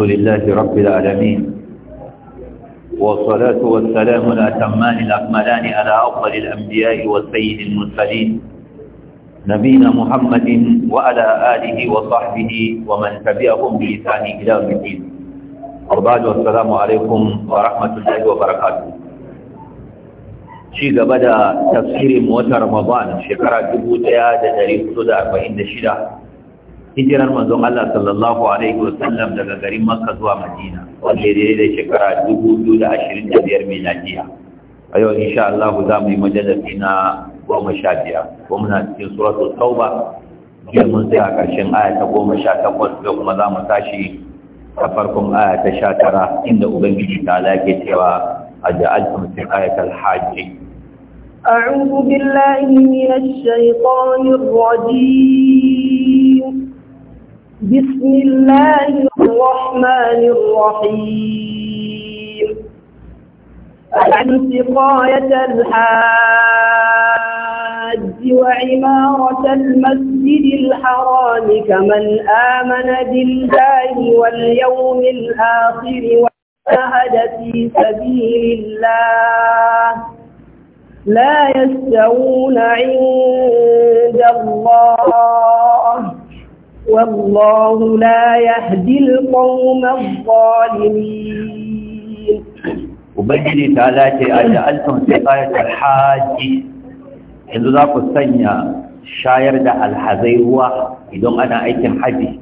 لله رب العالمين والصلاة والسلام الأتمان الأكملان على أفضل الأنبياء والسيد المرسلين نبينا محمد وعلى آله وصحبه ومن تبعهم بإحسان إلى يوم الدين وبعد والسلام عليكم ورحمة الله وبركاته شيء بدأ تفسير موتى رمضان شكرا جبوتها دا تاريخ 46 hijirar manzon Allah sallallahu alaihi wasallam daga garin Makka zuwa Madina wanda ya daidai da shekara 2025 miladiya a yau insha Allah za mu yi majalisi na goma sha biyar ko muna cikin suratul tauba jiya mun tsaya ƙarshen aya ta goma sha takwas ko kuma za mu tashi a farkon aya ta sha tara inda ubangiji ta lake cewa a ja'altum fi ayatul hajji أعوذ بالله من الشيطان الرجيم بسم الله الرحمن الرحيم السقاية الحاج وعمارة المسجد الحرام كمن آمن بالله واليوم الآخر وشهد في سبيل الله لا يستوون عند الله والله لا يهدي القوم الظالمين وبجلي تعالى أجعلتم سقاية الحاج إذا ذاك السنة شاير دع الحزيوة إذن أنا أيتم حجي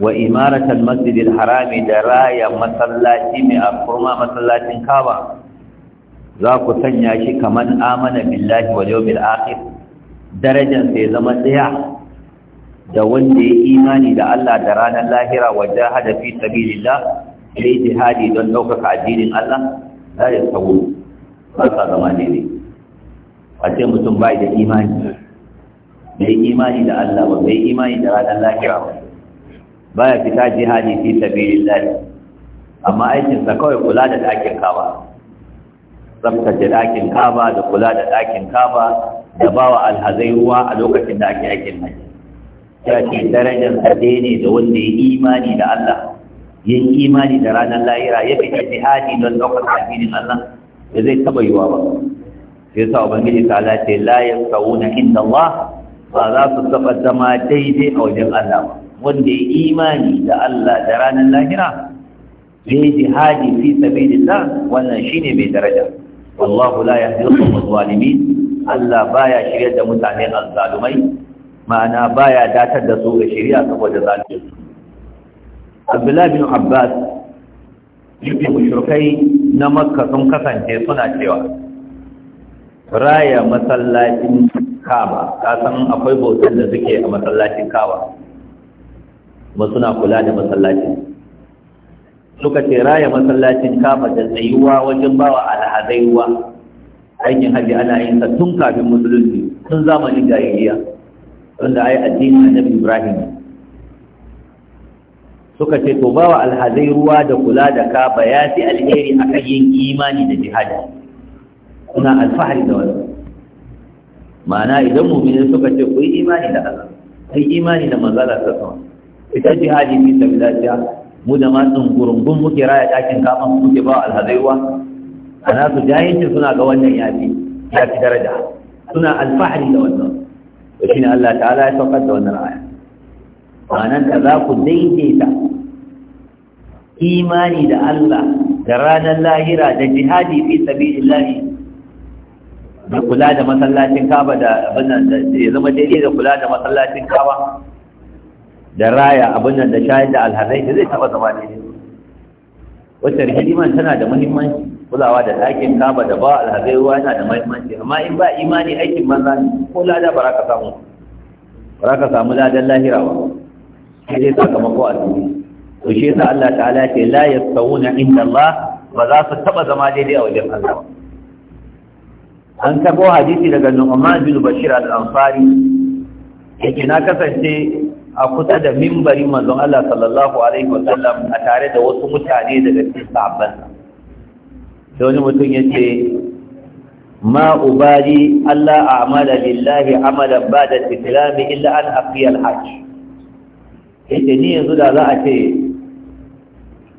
وإمارة المسجد الحرام دراية مسلاتي من أفرما مسلاتي كابا ذاك السنة شي كمن آمن بالله واليوم الآخر darajansa ya zama ɗaya da wanda ya imani da Allah da ranar lahira wa jahada fi sabilillah sai jihadi don ɗaukaka addinin Allah za ya sabu ba sa zama ne ne a ce mutum bai da imani bai imani da Allah ba bai imani da ranar lahira ba Ba ya fita jihadi fi sabilillah amma aikinsa kawai kula da ɗakin kaba tsaftace ɗakin kaba da kula da ɗakin kaba da bawa alhazai ruwa a lokacin da ake aikin haji ya darajar sa ne da wanda ya imani da Allah ya yi imani da ranar lahira ya fi jihadi don ɗaukar addinin Allah da zai taɓa yiwa ba sai sa ubangiji ta Allah ce la yasawuna inda Allah ba za su taɓa zama daidai a wajen Allah ba wanda ya imani da Allah da ranar lahira ya yi jihadi fi sabilillah wannan shine mai daraja wallahu la yahdi al-zalimin Allah baya shirye da mutane al-zalumai ma'ana baya datar da su ga shari'a saboda zalunci Abdullahi bin Abbas yake mushrikai na Makka sun kasance suna cewa raya masallacin Kaaba san akwai bautan da suke a masallacin Kaaba kuma suna kula da masallacin suka ce raya masallacin kama da tsayuwa wajen bawa alhazaiwa aikin hajji ana yin sa tun kafin musulunci tun zamanin jahiliya wanda ai addinin annabi ibrahim suka ce to bawa alhazai ruwa da kula da ka ba ya fi alheri a kan yin imani da jihadi kuna alfahari da wani ma'ana idan muminin suka ce ku yi imani da Allah ku yi imani da manzala ta sama ita jihadi fi sabilillah mu da matsin gurungun muke raya ɗakin kama, muke bawa alhazai ruwa ana su jahilci suna ga wannan yafi yafi daraja suna alfahari da wannan to ne Allah ta'ala ya saukar da wannan aya ma'anan da za ku daidaita imani da Allah da ranar lahira da jihadi fi illahi da kula da masallacin kaba da abinan da ya zama daidai da kula da masallacin kaba da raya abin da shayar da alhazai da zai taba zama daidai wacce rikidiman tana da muhimmanci kulawa da ɗakin kaba da ba alhazai ruwa yana da mahimmanci amma in ba imani aikin banza ko lada ba ka samu ba ka samu ladan lahira ba sai dai sakamako a duniya to shi yasa Allah ta'ala ce la yastawuna inda Allah ba za su taba zama daidai a wajen Allah ba an tabo hadisi daga Nu'man bin Bashir al-Ansari yake na kasance a kusa da mimbarin manzon Allah sallallahu alaihi wasallam a tare da wasu mutane daga cikin sa sai wani mutum ya ce ma ubari Allah a amada lillahi amada ba da islami illa an afiyar hajj ya ce ni yanzu da za a ce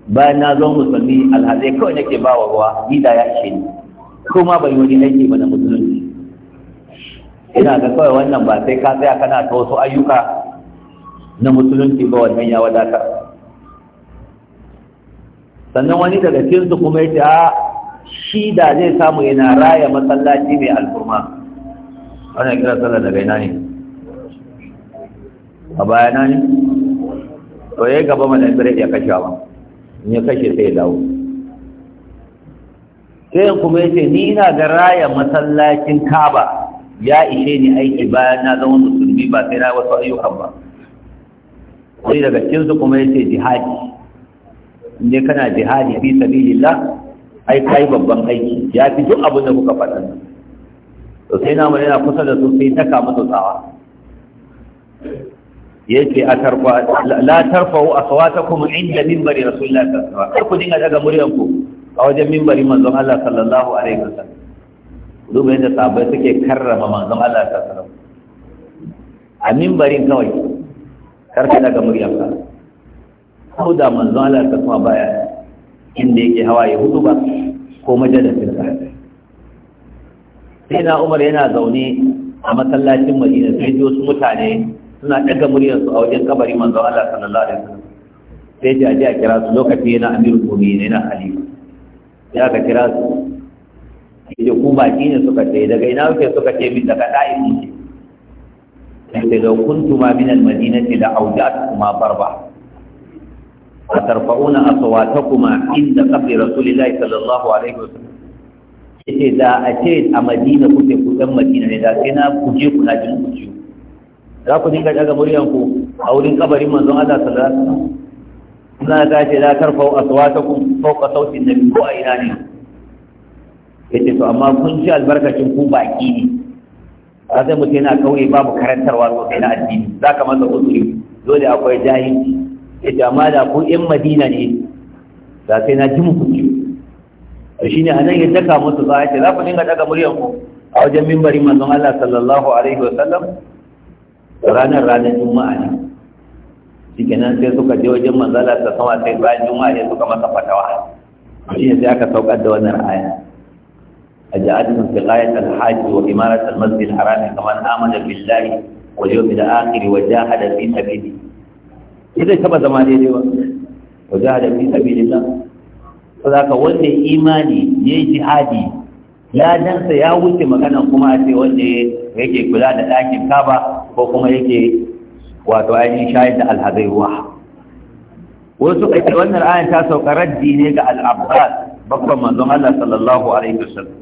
bayan na zo musulmi alhazai kawai nake ba wa ruwa da ya ce ni ko ma ban wani aiki ba na musulunci ina ga kawai wannan ba sai ka tsaya kana ta wasu ayyuka na musulunci ba wannan ya wadatar sannan wani daga cikinsu kuma ya ce a shi da zai samu yana raya masallaci mai alfurma ana kira sallar daga ina ne a bayana ne to ya gaba mana bire ya kashe ba in ya kashe sai dawo sai kuma ya ce ni ina ga raya masallacin kaba ya ishe ni aiki bayan na zama musulmi ba sai na wasu ayyukan ba sai daga cikinsu kuma ya ce jihadi ne kana jihadi fi sabilillah ai kai babban aiki ya fi duk abin da kuka faɗa to sai na yana kusa da su sai ta kama tsawa yake a tarfa la tarfa'u aswatakum inda minbari rasulullahi sallallahu alaihi wasallam ku dinga daga ku a wajen minbari manzon Allah sallallahu alaihi wasallam duba yadda sahabbai suke karrama manzon Allah sallallahu alaihi a minbarin kawai kar ka daga ka ko da manzon Allah sallallahu alaihi wasallam baya inda yake hawa ya hudu ba ko majalisar sa sai na umar yana zaune a masallacin madina sai ji wasu mutane suna ɗaga muryarsu a wajen kabari manzo Allah sallallahu alaihi wasallam sai ji aje a kira su lokaci yana amirul ne yana ali ya ka kira su da ku baki ne suka ce daga ina kuke suka ce min daga da'i ne sai da kuntuma min al-madinati la awja'at kuma barba وترفعون أصواتكما kuma inda رسول الله صلى الله عليه وسلم yace da a ce a madina kuke ku dan madina ne da sai na kuje ku na jin kuciyo za ku dinga daga muryan ku a wurin kabarin manzon Allah sallallahu alaihi wasallam na ta ce la tarfau aswatakum fawqa sauti nabi ko a ina ne ce to amma kun ji albarkacin ku baki ne a sai mutu yana kauye babu karantarwa sosai na addini za ka masa uzuri dole akwai jahilci yadda amma da ku yan madina ne da sai na ji muku ciwo to shine a nan ya daka musu za a ce za ku dinga daga muryan ku a wajen mimbari manzon Allah sallallahu alaihi wasallam ranar ranar juma'a ne shike nan sai suka je wajen manzala ta sama sai bayan juma'a ne suka masa fatawa shi ne sai aka saukar da wannan aya أجعلهم سقاية الحاج وإمارة المسجد الحرام كمن آمن بالله واليوم الآخر وجاهد في سبيله ba zai taba zama daidai ba wa da fi sabilillah Za ka wanda imani ne jihadi ya dansa ya wuce magana kuma a ce wanda yake kula da ɗakin kaba ko kuma yake wato ainihin shayar da alhazai ruwa wasu ake wannan ayan ta sauka raddi ne ga al'abbas babban manzon Allah sallallahu alaihi wasallam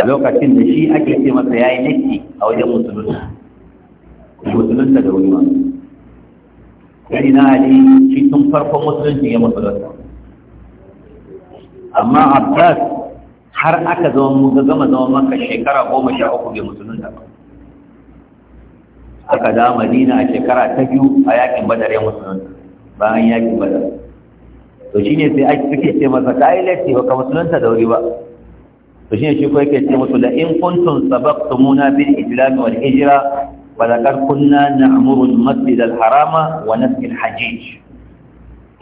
a lokacin da shi ake ce masa yayi nake a wajen musulunta musulunta da wani gani na ali shi tun farkon musulunci ya musulunta amma abbas har aka zama gama zama maka shekara goma sha uku bai musulunta ba aka da madina a shekara ta biyu a yakin badar ya musulunta bayan yakin badar to shi ne sai ake suke ce masa ka yi laifi ba ka musulunta da wuri ba to shi ne shi ko yake ce musu da in sabab tumuna bil islam wal hijra Balakar kunna na amurin masjid al-harama wa naskin hajjij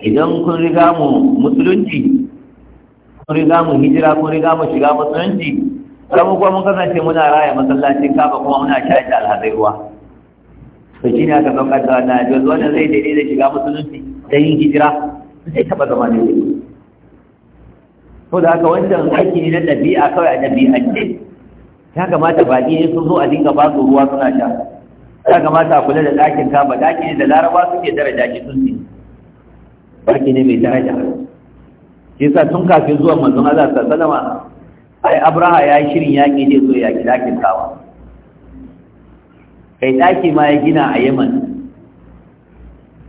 idan kun riga mu musulunci kun riga mu hijira kun riga mu shiga musulunci kuma kuma mun kasance muna raya masallacin kafa kuma muna shayar alhazai ruwa to shi ne aka sauka da wannan ajiyar wanda zai daidai da shiga musulunci da yin hijira zai taɓa zama ne Ko da haka wancan aiki ne na ɗabi'a kawai a ce, ya kamata baƙi ne sun zo a dinga ba su ruwa suna sha ya kamata a kula da ɗakin kaba ɗaki ne da laraba suke daraja shi sun ne ɗaki ne mai daraja shi sa tun kafin zuwa manzon Allah sallallahu alaihi ai Abraha ya yi shirin yaƙi so ya yaƙi ɗakin kaba kai ɗaki ma ya gina a Yaman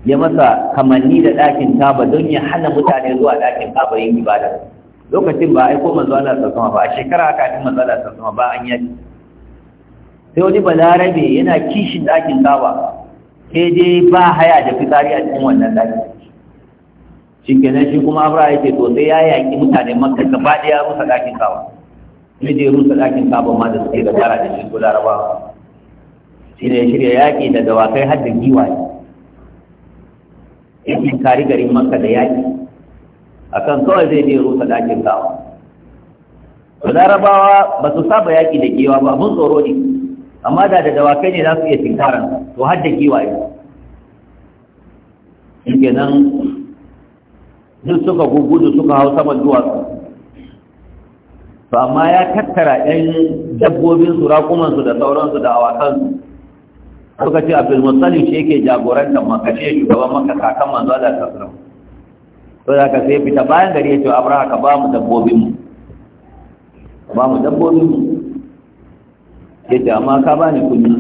ya masa kamanni da ɗakin kaba don ya hana mutane zuwa ɗakin kaba yin ibada lokacin ba aiko manzo Allah sallallahu alaihi wasallam ba a shekara kafin manzo Allah sallallahu alaihi wasallam ba an yaki sai wani balarabe yana kishin ɗakin kaba sai dai ba haya da fitsari a cikin wannan ɗaki shi kenan shi kuma abra ya ce to sai ya yaƙi mutane makka gaba ɗaya rusa ɗakin kaba sai dai rusa ɗakin kaba ma da suke da gara da shi ko larabawa shi ne shirya yaƙi da dawakai har da giwaye yakin kari garin makka da yaƙi akan kawai zai ne rusa ɗakin kaba larabawa ba su saba yaƙi da giwa ba mun tsoro ne amma da da dawakai ne za su iya tinkaran to har da giwaye shi nan duk suka gugudu suka hau saman duwatsu to amma ya tattara ɗan dabbobinsu raƙumansu da sauransu da awakansu suka ce abdulmutsalif shi yake jagorantar makashe shugaban maka kakan manzo da tasirin to da ka sai fita bayan gari ya ce abraha ka ba mu dabbobinmu ba mu dabbobinmu yace amma ka bani kunya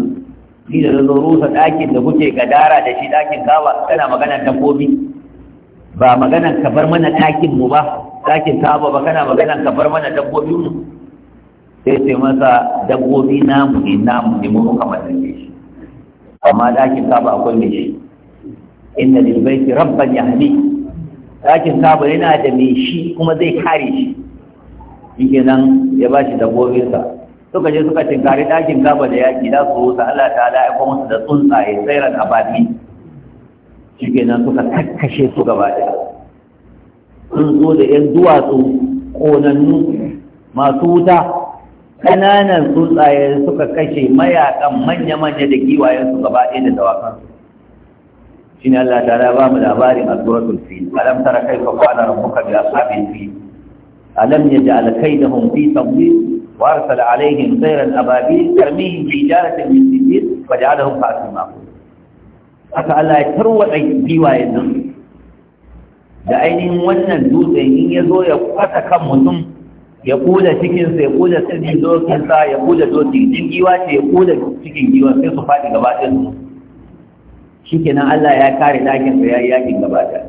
shi da zo rusa ɗakin da kuke gadara da shi ɗakin kawa kana maganar dabbobi ba maganar ka bar mana ɗakin mu ba ɗakin kawa ba kana maganar ka bar mana dabbobi mu sai sai masa dabbobi namu ne namu ne mu muka mallake shi amma ɗakin kawa akwai mai shi inna lil baiti rabban yahdi ɗakin kawa yana da mai shi kuma zai kare shi shi kenan ya ba shi dabbobinsa suka je suka tinkari ɗakin gaba da yaƙi za su rusa Allah ta ala aiko musu da tsuntsaye tsairan abadi shi kenan suka kakkashe su gaba da sun zo da ‘yan duwatsu konannu, masu wuta ƙananan tsuntsaye suka kashe mayakan manya-manya da su gaba ɗaya da su shi ne Allah ta ba mu labarin a suratul fi alam tara kai fa qala biya bi ashabil fi alam yaj'al kaidahum fi tadlil وارسل عليهم طيرا ابابيل ترميهم بحجاره من سجيل فجعلهم كعصف ماكول haka Allah ya tarwatsa giwayen nan da ainihin wannan dutsen in ya zo ya kwata kan mutum ya kula cikinsa ya kula sirrin dokinsa ya kula dokin jin giwa ce ya kula cikin giwa sai su faɗi gaba ɗinsu shi kenan Allah ya kare ɗakinsa ya yi yakin gaba ɗaya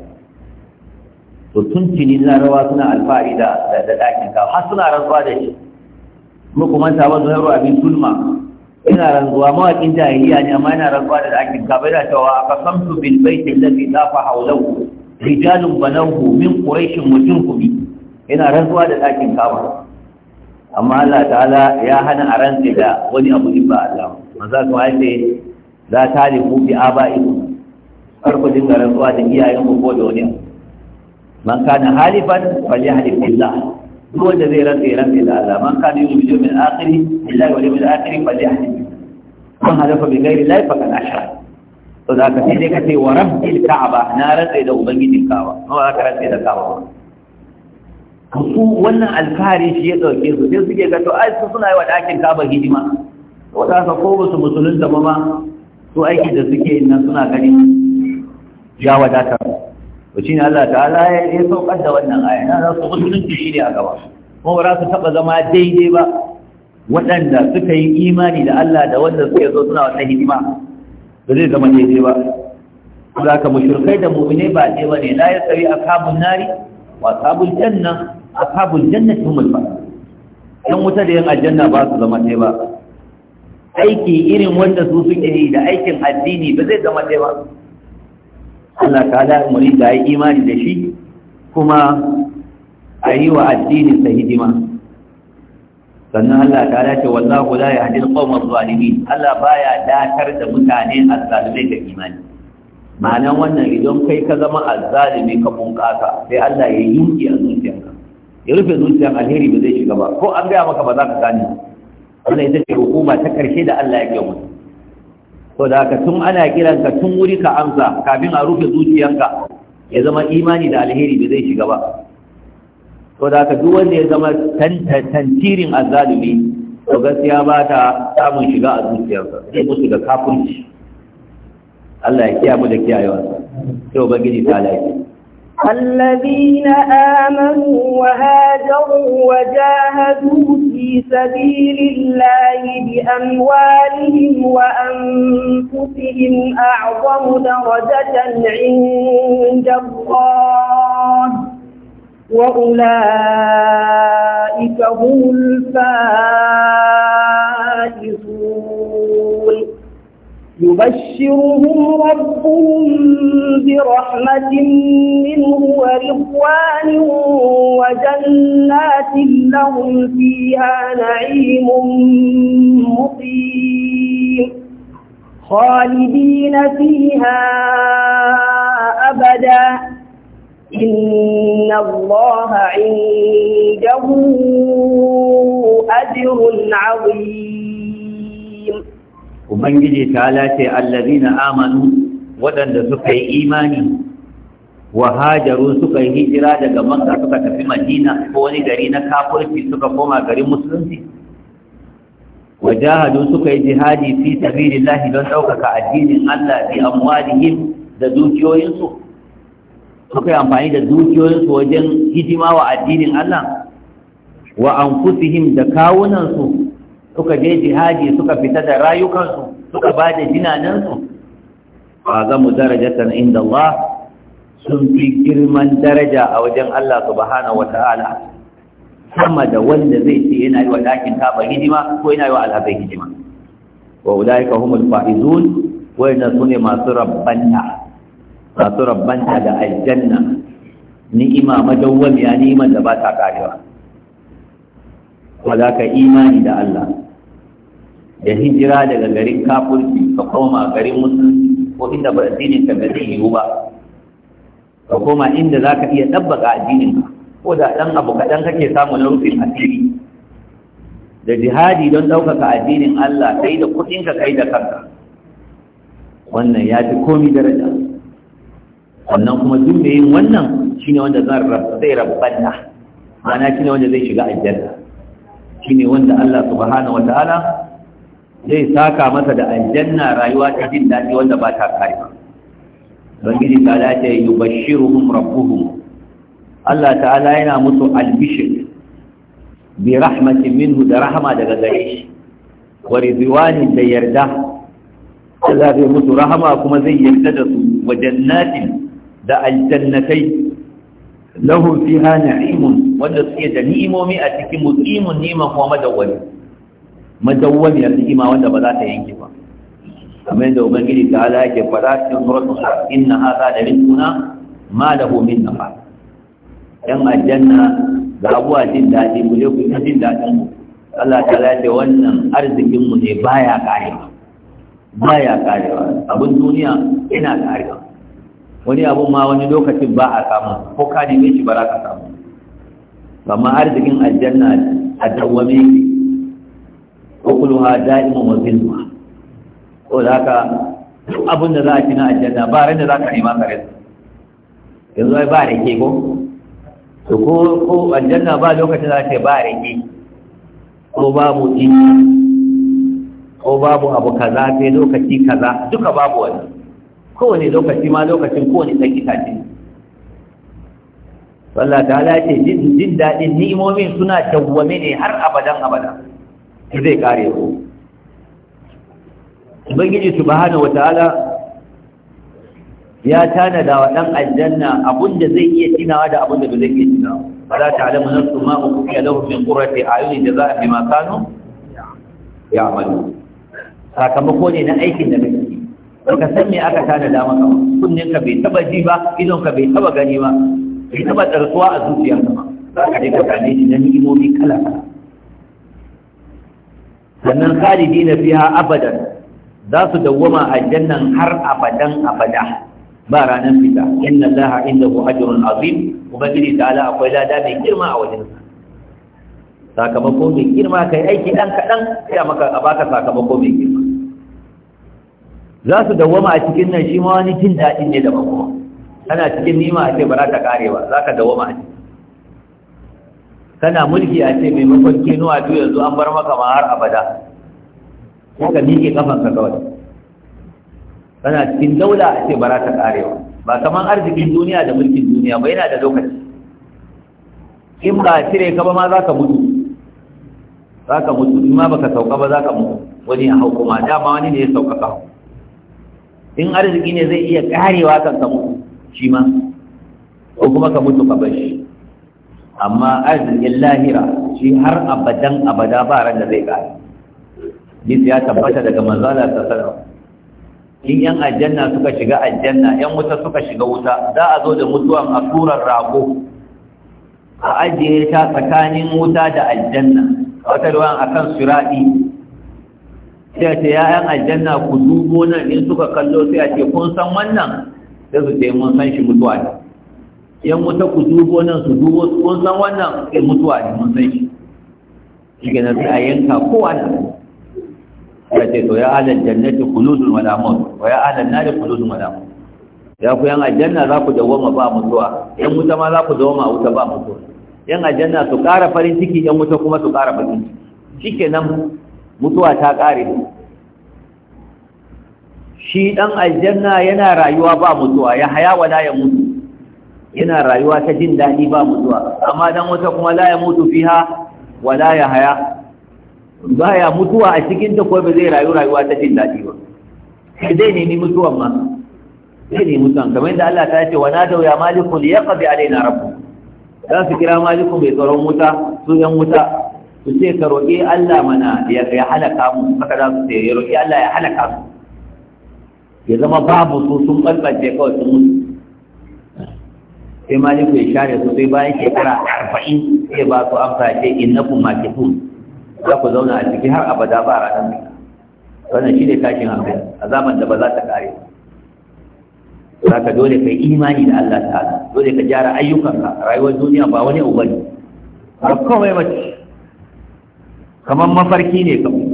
to tun tuni larawa suna alfahari da ɗakin ka har suna rantsuwa da shi muku manta ba zuhairu abin sulma ina rantsuwa mawaƙin jahiliya ne amma ina rantsuwa da ɗakin kaba da cewa aka samtu bil baiti allazi dafa haulau, rijalun banawhu min mutum, mujrikumi ina rantsuwa da ɗakin kama. amma Allah ta'ala ya hana a rantsi da wani abu in ba Allah manzo kuma ya ce la talifu bi aba'ikum kar ku dinga rantsuwa da iyayen ku ko da wani man kana halifan duk wanda zai rantsa ya rantsa da Allah man kana yu'minu bil yawmil akhir billahi wal yawmil akhir falyahdith man halafa bi ghairi la faqad to da ka sai ka ce wa rabbil na rantsa da ubangijin ka'aba ba ka rantsa da ka'aba su wannan alfahari shi ya dauke su sai suke ga ai suna yi wa dakin ka'aba hidima wata ka ko ba su musulunta ma su aiki da suke nan suna ganin ya wadatar to ne Allah ta'ala ya saukar da wannan aya na za su musulunci ne a gaba kuma ba za su taba zama daidai ba waɗanda suka yi imani da Allah da wanda suke zo suna wata hidima ba zai zama daidai ba za ka mushrikai da mummune ba dai bane la a ashabun nari wa ashabul janna ashabul Janna humul mulfa yan wuta da yan aljanna ba su zama dai ba aiki irin wanda su suke yi da aikin addini ba zai zama dai ba Allah ta ala muri da imani da shi kuma a yi wa addinin sa hidima sannan Allah ta ce wallahu la yahdi al-qawma adh-dhalimin Allah baya datar da mutane azzalimai da imani ma'ana wannan idan kai ka zama azzalimi ka bunƙasa sai Allah ya yinki a zuciyarka ya rufe zuciyar alheri ba zai shiga ba ko an gaya maka ba za ka gane wannan ita ce hukuma ta karshe da Allah ya ke mutu to da ka tun ana kiranka tun wuri ka amsa kafin a rufe zuciyanka ya zama imani da alheri bai zai shiga ba to ka duk wanda ya zama tantirin azzalumi to gaskiya ba ta samun shiga a zuciyarsa sai musu da kafirci Allah ya kiyamu da kiyayewa sai ubangiji ta lafiya الذين آمنوا وهاجروا وجاهدوا في سبيل الله بأموالهم وأنفسهم أعظم درجة عند الله وأولئك هم الفائزون يبشرهم ربهم برحمة منه ورضوان وجنات لهم فيها نعيم مقيم خالدين فيها أبدا إن الله عنده أجر عظيم ubangiji ta lace na amanu waɗanda suka yi imani wa hajaru suka yi hijira daga makka suka tafi madina ko wani gari na kafurci suka koma garin musulunci wa jahadu suka yi jihadi fi lahi don ɗaukaka addinin Allah bi amwalihim da dukiyoyinsu suka yi amfani da dukiyoyinsu wajen hidima wa addinin Allah wa anfusihim da kawunansu suka je jihadi suka fita da rayukansu suka ba da jinanansu ba ga mu darajatan inda Allah sun fi girman daraja a wajen Allah subhanahu wata'ala sama da wanda zai ce yana yi wa ɗakin kaba hidima ko yana yi wa alhazai hidima wa ulaika humul faizun wayna sune masu rabbanta masu rabbanta da aljanna ni'ima madawwamiya ni'imar da ba ta karewa ka imani da Allah da hijira daga garin kafurci ka koma garin musulunci ko inda ba addinin ka ba zai yiwu ba ka koma inda za ka iya ɗabbaka addinin ka ko da ɗan abu kaɗan kake samun rufin asiri da jihadi don ɗaukaka addinin Allah kai da kuɗinka kai da kanka wannan ya fi komi daraja wannan kuma duk da yin wannan shine wanda zai rabbanna ma'ana shine wanda zai shiga aljanna shine wanda Allah subhanahu wataala zai saka masa da aljanna rayuwa ta jin daɗi wanda ba ta kare ba ubangiji ta dace yubashshiruhum rabbuhum Allah ta'ala yana musu albishir bi rahmatin minhu da rahama daga gare shi wa ridwani da yarda Allah zai musu rahama kuma zai yarda da su wa jannatin da aljannatai lahum fiha na'imun wanda suke da ni'imomi a cikin muqimun neman kuma da wani. madawwamiyar ni'ima wanda ba za ta yanke ba kamar yadda ubangiji ta ala yake fada cikin suratul haq inna hadha la rizquna ma lahu min nafad yan aljanna ga abuwa jin daɗi mu je ku ta jin daɗin mu Allah ta ala ce wannan arzikin mu ne baya karewa baya karewa abin duniya ina karewa wani abu ma wani lokacin ba a samu ko ka neme shi ba za ka samu amma arzikin aljanna a dawwame ukuluha da'imun wa ma. ko da haka duk abin da za a ci na ba ran da za ka nema ka rasa yanzu ai ba rake ko to ko ko aljanna ba lokacin za ce ba rake ko babu ji ko babu abu kaza sai lokaci kaza duka babu wani kowane lokaci ma lokacin kowane ɗan itace Allah ta ce jin daɗin ni'imomin suna tawwame ne har abadan abadan zai kare ku ubangiji subhanahu wataala ya tanada wa dan aljanna abinda zai iya tinawa da abinda ba zai iya tinawa fala ta'lamu nafsu ma ukhfiya lahum min qurrati a'yunin jazaa'an bima kanu ya'malu sakamako ne na aikin da kake baka san me aka tanada maka kunnen ka bai taba ji ba idon ka bai taba gani ba bai taba tsarsuwa a zuciyarka ba za ka je ka gane shi na ni'imomi kala kala sannan na fiya abadan za su dawwama a jannan har abadan abada ba ranar fita inna inda ku ajrun azim ta Ala, akwai lada mai girma a wajen sakamako mai girma kai aiki dan kadan ya maka a baka sakamako mai girma za su dawwama a cikin nan shi ma wani jin daɗin ne da makoma kana cikin nima a ce ba za ta kare ba za ka dawwama a cikin kana mulki a ce maimakon kino a duk yanzu an bar maka ma har abada ko ka miƙe kafanka kawai kana cikin daula a ce bara ta karewa ba kamar arzikin duniya da mulkin duniya ba yana da lokaci in ba cire ka ba ma za ka mutu za ka mutu in ma ka sauka ba za ka mutu wani ya hau kuma dama wani ne ya sauka ka in arziki ne zai iya karewa kan ka mutu shi ma ko kuma ka mutu ka bar shi amma arzikin lahira shi har abadan abada ba ran da zai ƙare hadisi ya tabbata daga manzala ta sallallahu in yan aljanna suka shiga aljanna yan wuta suka shiga wuta za a zo da mutuwan a turar rago a ajiye ta tsakanin wuta da aljanna a wata ruwan akan sura'i sai ta ce ‘ya'yan aljanna ku dubo nan in suka kallo sai a ce kun san wannan sai su ce mun san shi mutuwa ne yan wuta ku dubo nan su dubo kun san wannan ke mutuwa ne mun sai shi ke nan sai a yanka kowa da ya ce to ya alal jannati khuludun wala maut wa ya alal nari khuludun wala maut ya ku yan aljanna za ku dawoma ba mutuwa yan wuta ma za ku dawoma a wuta ba mutuwa yan aljanna su ƙara farin ciki yan wuta kuma su ƙara farin ciki shi ke nan mutuwa ta ƙare shi ɗan aljanna yana rayuwa ba mutuwa ya haya wala ya mutu yana rayuwa ta jin daɗi ba mutuwa amma dan wata kuma la ya mutu fiha wa la ya haya ba ya mutuwa a cikin ta ko ba zai rayu rayuwa ta jin daɗi ba sai dai ni mutuwan ma zai ne mutuwan kamar yadda Allah ta ce wa na da ya maliku li yaqdi alaina rabbu za su kira maliku mai tsaron wuta su yan wuta su ce ka roƙi Allah mana ya halaka mu haka za su ce ya roƙi Allah ya halaka mu ya zama babu su sun ɓalɓalce kawai sun mutu sai ma ya share su sai bayan shekara arba'in sai ba su amsa ce ke makifun za ku zauna a ciki har abada ba a ranar wannan shi ne tashin hankali A zaman da ba za ta kare za ka dole ka yi imani da Allah ta'ala dole ka gyara ayyukanka rayuwar duniya ba wani ubani ba kawai mace kamar mafarki ne kawai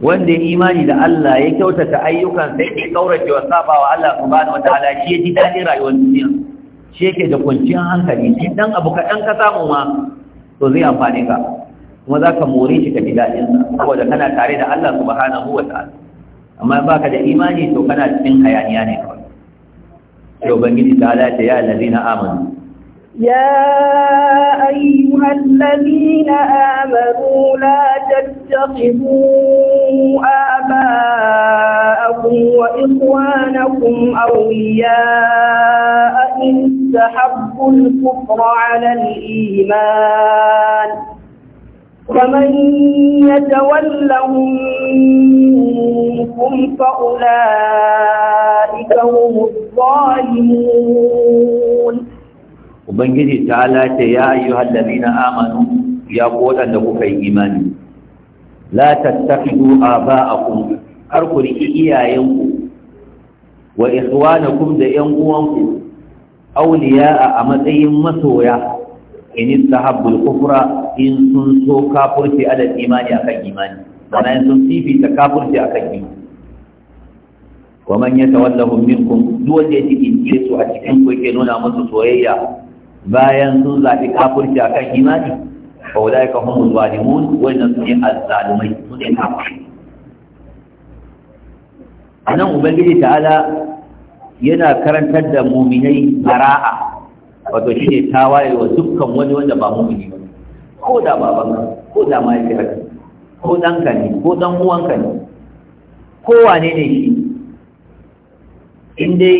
wanda ya imani da Allah ya kyautata ayyukan sai ya kaurace wa sabawa Allah subhanahu wataala shi ya ji daɗin rayuwar duniya shi yake da kwanciyar hankali shi dan abu kaɗan ka samu ma to zai amfani ka kuma za ka more shi ka ji daɗin sa saboda kana tare da Allah subhanahu wataala amma baka da imani to kana cikin hayaniya ne kawai sai ubangiji ta ala ta ya allazina amanu يا أيها الذين آمنوا لا تتخذوا آباءكم وإخوانكم أولياء إن استحبوا الكفر على الإيمان ومن يتولهم منكم فأولئك هم الظالمون ubangiji ta halatta ya ayyuhal na amanu ya kodan waɗanda kuka yi imani la a aba'akum kar ku riki iyayenku wa ikhwanakum da yan uwanku auliya a matsayin masoya in istahabbu al-kufra in sun so kafurci ala imani akan imani mana in sun fifita kafirci akan imani wa man yatawallahum minkum duk da yake cikin su a cikin ku yake nuna musu soyayya bayan sun zaɓi kafurci a kan imani ba wula ya kafin zalimun wannan su ne azzalumai sun ne kafurci a nan ubangiji ta'ala yana karantar da muminai bara'a wato shi ne waye wa dukkan wani wanda ba mumini ba ko da babanka ko da mahaifiyarka ko ɗanka ne ko ɗan uwanka ne ko wane ne shi in dai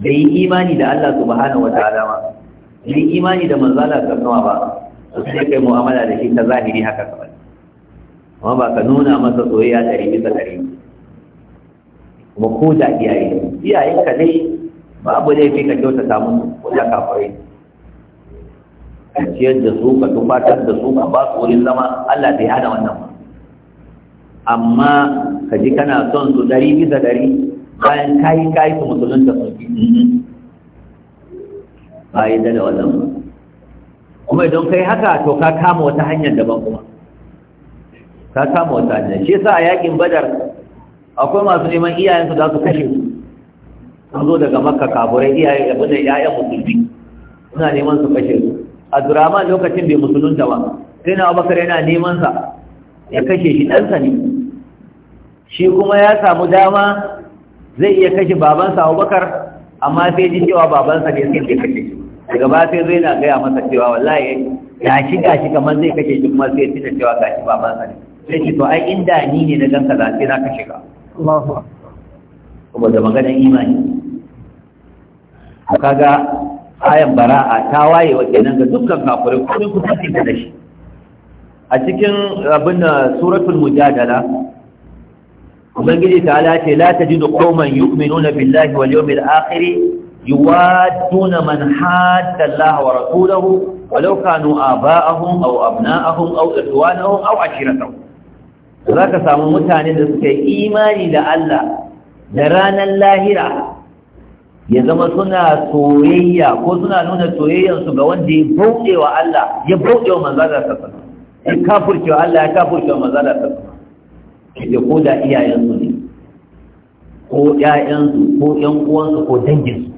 bai yi imani da Allah subhanahu wa ta'ala ba yi imani da manzala ka sama ba su sai kai mu'amala da shi ta zahiri haka kamar. amma ba ka nuna masa soyayya ɗari da kare kuma ko da iyaye iyaye ka dai babu laifi ka ta mun ko da ka ka ciyar da su ka tufatar da su ka ba su wurin zama Allah bai hada wannan ba amma ka ji kana son su ɗari bisa dari bayan kayi kayi su musulunta sun ba yi da wannan kuma idan kai haka to ka kama wata hanyar daban kuma ka kama wata hanyar shi yasa a yakin badar akwai masu neman iyayensu za su kashe su sun zo daga makka kaburai iyayen abin da iyayen musulmi suna neman su kashe su durama lokacin bai musulunta ba sai na abubakar yana neman sa ya kashe shi ɗansa ne shi kuma ya samu dama zai iya kashe babansa abubakar amma sai ji cewa babansa ne sai ya kashe daga ba sai zai na gaya masa cewa wallahi ya shi ga shi kamar zai kashe shi kuma sai tuna cewa ga shi baban sa ne sai ki to ai inda ni ne na ganka za sai na Allahu akbar kuma da maganar imani kaga ayan bara'a ta waye wa kenan ga dukkan kafirai ko ku tafi da shi a cikin abin suratul mujadala ubangiji ta ala ce la tajidu qauman yu'minuna billahi wal yawmil akhir يوادون من حاد الله ورسوله ولو كانوا آباءهم أو أبناءهم أو إخوانهم أو عشيرتهم ذاك سامو متانين دسك إيماني لألا درانا اللاهرة ya zama suna soyayya ko suna nuna soyayyarsu ga wanda ya bauɗe wa Allah ya ya kafurce Allah ya kafurce wa manzana ta sama ya ko da iyayensu ne ko ƴaƴansu ko ko danginsu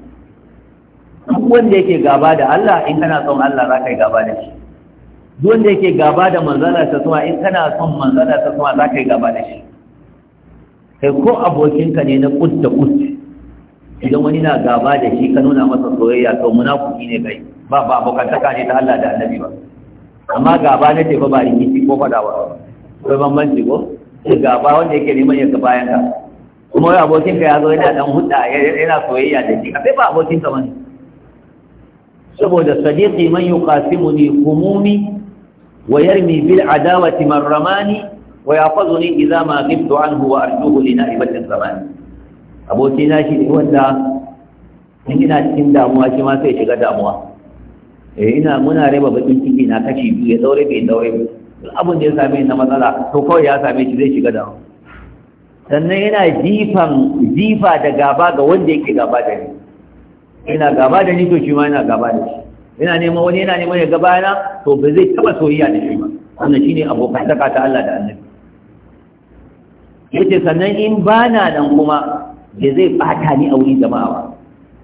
duk wanda yake gaba da Allah in kana son Allah za ka yi gaba da shi duk wanda yake gaba da manzana ta suma in kana son manzana ta suma za ka yi gaba da shi kai ko abokinka ne na kud da kud idan wani na gaba da shi ka nuna masa soyayya to munafuki ne kai ba ba abokantaka ne ta Allah da annabi ba amma gaba na ce ba ba rikici ko fada ba kai bambanci ko gaba wanda yake neman ya bayan ka kuma wai abokinka ya zo yana dan hudda yana soyayya da shi kai ba abokinka bane saboda sadiqi man yuqasimuni humumi wa yarmi bil adawati man ramani wa yaqazuni idza ma ghibtu anhu wa arjuhu li na'ibati zamani aboki na shi ne wanda ina cikin damuwa shi ma sai shiga damuwa eh ina muna raba bakin ciki na kashi biyu ya daure bai daure abin da ya same ni na matsala to kawai ya same shi zai shiga damuwa sannan yana jifan jifa da gaba ga wanda yake gaba da ni ina gaba da ni to shi ma ina gaba da shi ina neman wani yana neman ya gaba na to ba zai taba soyayya da shi ba wannan shine abokan taka ta Allah da Annabi yace sannan in ba na dan kuma da zai bata ni a wurin jama'a ba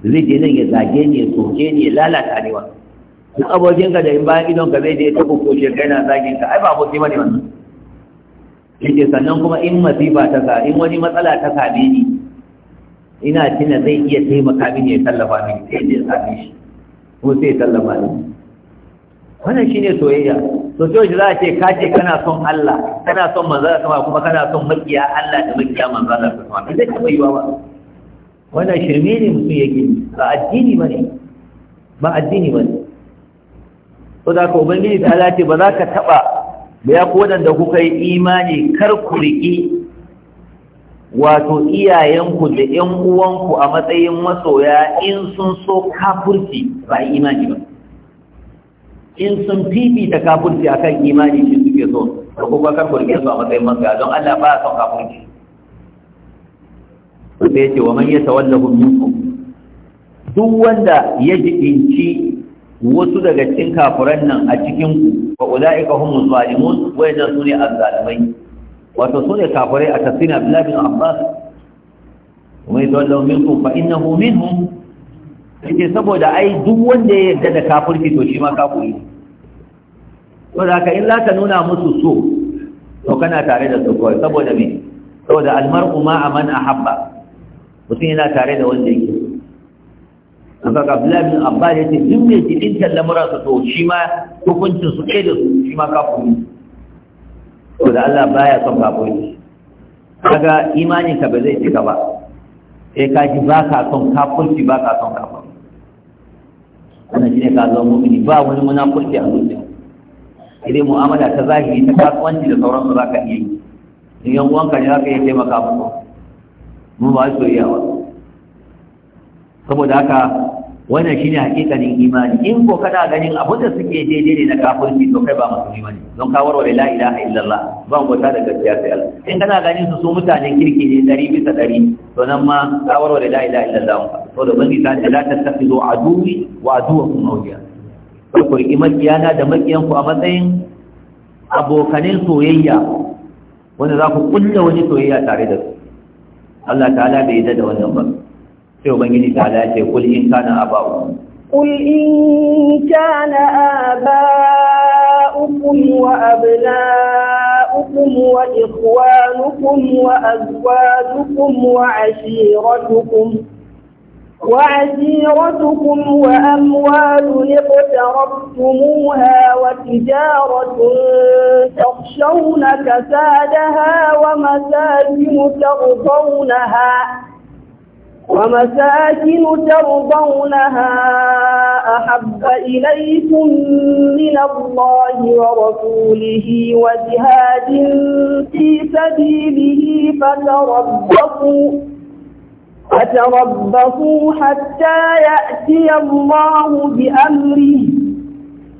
zai je nan ya zage ni ya soke ni ya lalata ni wa duk abokinka da in bayan idon ka zai je ta koshe kai na zage ka ai ba aboki bane wannan yace sannan kuma in masifa ta sa in wani matsala ta same ni ina tuna zai iya taimaka mini ya tallafa min, sai ya same shi ko sai ya tallafa mini wannan ne soyayya to sai shi za a ce ka ce kana son Allah kana son manzon Allah kuma kana son makiya Allah da makiya manzon Allah kuma zai taɓa yiwa ba wannan shirme ne mutum gini ba addini bane ba addini bane to da ka ubangiji ta ce ba za ka taɓa ba ya kodan da kuka yi imani kar ku riƙi wato iyayenku da ƴan uwanku a matsayin masoya in sun so kafurci ba imani ba in sun fifita kafurci akan imani shi suke so da kuma kar ku rike su a matsayin masoya don Allah ba a son kafurci sai ce wa ta wallafa minkum duk wanda ya jiɗinci wasu daga cikin kafuran nan a cikinku ba ula'ika hun humu zalimun su ne sune zalimai wato su ne kafirai a tafsirin abdullahi bin abbas kuma ita wanda ku fa innahu minhum yake saboda ai duk wanda ya yarda da kafirci to shi ma kafiri to da ka in za nuna musu so to kana tare da su kawai saboda me saboda almar'u ma aman ahabba mutum yana tare da wanda yake haka abdullahi bin abbas yace duk mai jibin lamuransa to shi ma hukuncin su kai da su shi ma kafiri to da Allah baya son baboji kaga imanin ka ba zai cika ba sai ka ji ba ka son kafirci ba ka son kafir wannan shine ka zama mu'mini ba wani munafurci a zuciya idan mu'amala ta zahiri ta kasuwanci da sauransu za ka iya yi in yan uwanka ne za ka iya taimaka musu mu ba su iya ba saboda haka wannan shine hakikanin imani in ko kada ganin abin da suke daidai ne na kafirci to kai ba musulmi bane don ka warware la ilaha illallah ba mu ta da gaskiya sai Allah in kana ganin su su mutanen kirki ne dari bisa dari to nan ma ka warware la ilaha illallah to da bani ta la tattakhidhu aduwi wa aduwakum awliya kar ku riƙi na da makiyanku a matsayin abokanin soyayya wanda za ku kulla wani soyayya tare da su Allah ta'ala bai yi da wannan ba sai ubangiji ta dace kul in kana aba'u kul in kana aba'ukum wa abla'ukum wa ikhwanukum wa azwajukum wa ashiratukum وعزيرتكم وأموال اقتربتموها وتجارة تخشون كسادها ومساجم تغضونها ومساكن ترضونها أحب إليكم من الله ورسوله وجهاد في سبيله فتربصوا فتربصوا حتى يأتي الله بأمره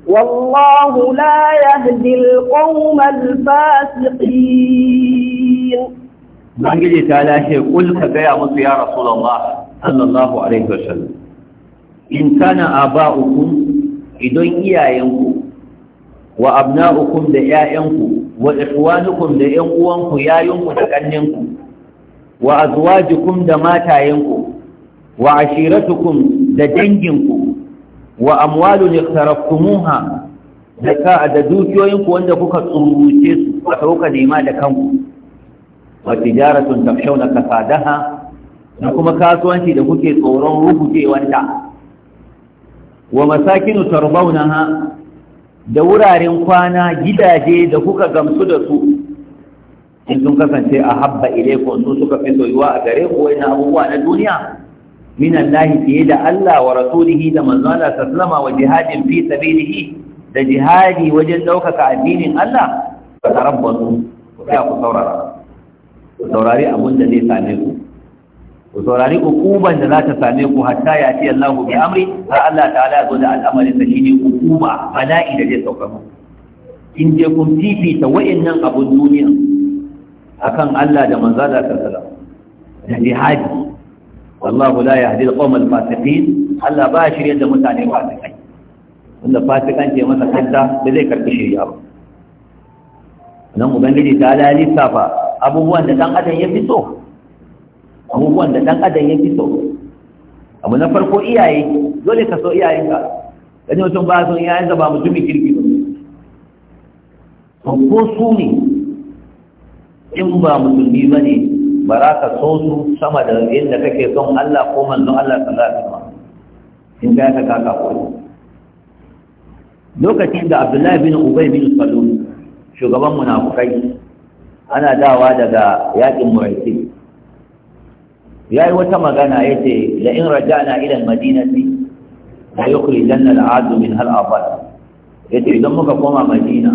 والله لا يهدي القوم الفاسقين ubangiji ta lashe kul ka gaya musu ya rasulullah sallallahu alaihi wasallam in kana aba'ukum idan iyayenku wa abna'ukum da 'ya'yanku, wa ikhwanukum da 'yan uwanku yayinku da kanninku wa azwajukum da matayenku wa ashiratukum da danginku wa amwalun iqtaraftumuha da ka da dukiyoyinku wanda kuka tsuruce su a sauka nema da kanku wa tijaratun tafshawna kasadaha na kuma kasuwanci da kuke tsoron rubutewanta wa masakinu tarbaunaha da wuraren kwana gidaje da kuka gamsu da su in sun kasance a habba ilaikum su suka fi soyuwa a gare ku wani abubuwa na duniya min Allah fiye da Allah wa rasulihi da manzon Allah sallama wa jihadin fi sabilihi da jihadi wajen daukaka addinin Allah ka tarabbasu ku ku saurara ku saurari abun da zai same ku ku saurari hukuban da za ta same ku hatta ya ce Allah bi amri har Allah ta'ala ya zo da al'amarin sa shine hukuma bala'i da zai sauka mu in je kun fifita wa'annan abun duniya akan Allah da manzo da sallallahu da jihadi wallahu la yahdi alqawm alfasiqin Allah ba shi da mutane kai wanda fasikan ce masa kanta da zai karbi shirya ba nan ubangiji ta lalisa fa abubuwan da dan adam ya fito abubuwan da dan adam ya fito abu na farko iyaye dole ka so ka kaje mutum ba son ka ba mutumin kirki ba ko su ne in ba musulmi ba ne ba za ka so su sama da yadda kake son Allah ko manzon Allah sallallahu alaihi wasallam in ga ka kaka ko lokacin da Abdullahi bin Ubay bin Salul shugaban munafukai ana dawa daga yaƙin muraisi ya yi wata magana ya ce la'in rajana ilan madinati da ya kuli jannar azu min hal'afar ya ce idan muka koma madina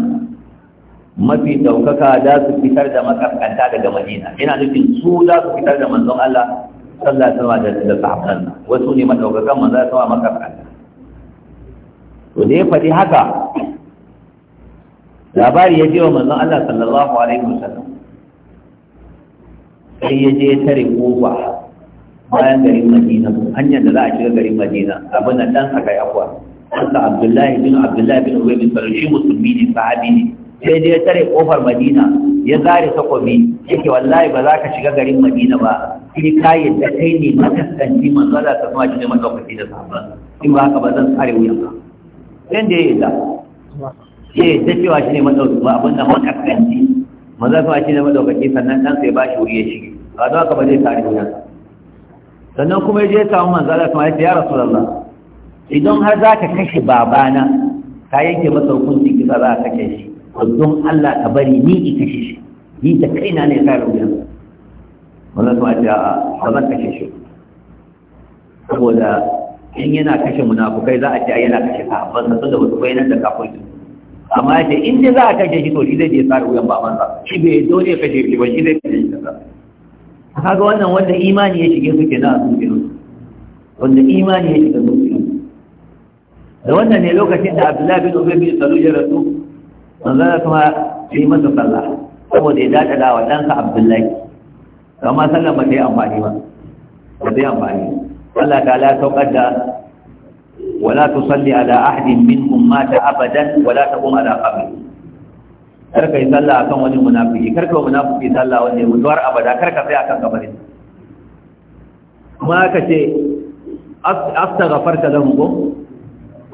mafi ɗaukaka za su fitar da makaskanta daga madina yana nufin su za su fitar da manzon Allah sallah sama da sahabban wasu ne madaukakan manzon sama makaskanta to da ya faɗi haka labari ya je wa manzon Allah sallallahu alaihi wasallam sai ya je tare kofa bayan garin Madina hanyar da za a shiga garin Madina abin nan dan saka yakuwa wanda Abdullahi bin Abdullahi bin Ubay bin Salul shi musulmi ne sahabi ne sai je tare kofar Madina ya zare takobi yake wallahi ba za ka shiga garin Madina ba sai ka yadda kai ne makaskanci manzon Allah ta kuma shi ne madaukaki da sahabban in ba haka ba zan tsare wuyan ka, sai da ya yadda ya eh, ta cewa shi ne maɗauki ba abin nan makaskanci maza kuma shi ne maɗaukaki sannan ɗansa ya ba shi wuri ya shige ba za ka ba zai da wuyansa sannan kuma ya je ya samu manzala kuma ya ce ya idan har za ka kashe babana ka yanke masa hukunci kisa za ka kashe shi don Allah ka bari ni in kashe shi ni da kaina ne ka rubuta Maza kuma ya ba zan kashe shi saboda in yana kashe munafukai za a ce ai yana kashe ka. Ban san da wasu bayanan da kafin amma da inda za a kashe shi to shi zai je tsara wuyan babansa shi bai dole ya kashe shi ba shi zai kashe shi kansa kaga wannan wanda imani ya shige su na a zuciyarsu wanda imani ya shiga zuciyarsu da wannan ne lokacin da abdullahi bin ubay bin salu ya rasu manzon kuma yi masa sallah saboda ya dace da wa abdullahi amma sallah ba ta yi amfani ba ba ta yi amfani Allah ta la saukar da wala tusalli ala ahadin minhum mata abadan wala taqum ala qabri karka yi sallah akan wani munafiki karka wa munafiki sallah wanda ya mutuwar abada karka tsaya akan kabarin kuma aka ce astaghfarta lahum ko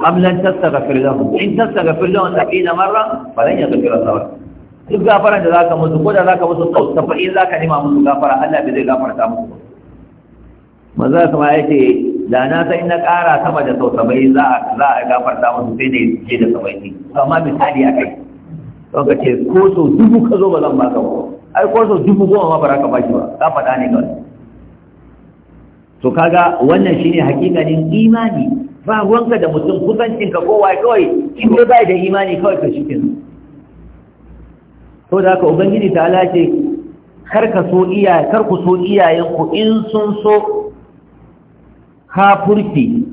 am lan tastaghfir lahum in tastaghfir lahum 70 marra falan yaghfir Allah duk gafaran da zaka musu ko da zaka musu sau saba'in zaka nima musu gafara Allah bai zai gafarta musu ba maza kuma yake da na san na ƙara sama da sau saba'in za a gafarta musu sai da ce da saba'in amma misali a kai don ka ce ko sau dubu ka zo ba zan ba ka ba ai ko sau dubu goma ma ba za ka shi ba ka faɗa ne kawai to kaga wannan shine hakikanin imani ba ruwanka da mutum kusancin ka kowa kawai in dai bai da imani kawai ka shi to da haka ubangiji ta lace kar ka so iyaye kar ku so iyayen ku in sun so kafurci